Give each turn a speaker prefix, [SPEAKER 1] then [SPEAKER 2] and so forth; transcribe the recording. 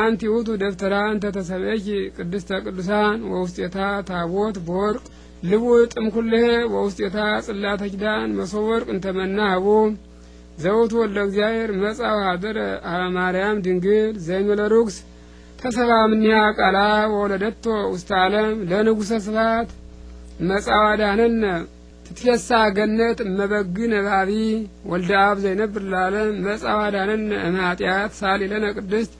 [SPEAKER 1] አንቲ ውቱ ደብተራ እንተ ተሰብእኪ ቅድስተ ቅዱሳን ወውስጤታ ታቦት በወርቅ ልቡ እምኩልሄ ወውስጤታ ጽላተ ኪዳን መሶበ ወርቅ እንተ መናህቡ ዘውቱ ወለ እግዚአብሔር መጻ ወኀደረ አብ ማርያም ድንግል ዘይመለ ርኩስ ተሰባ እምኔሃ ቃላ ወወለደቶ ውስተ ዓለም ለንጉሰ ስብሐት መጻ ወአድኀነነ ትትፌሳ ገነት መበግ ነባቢ ወልደ አብ ዘይነብር ለዓለም መጻ ወአድኀነነ እም ሳሊ ለነ ቅድስት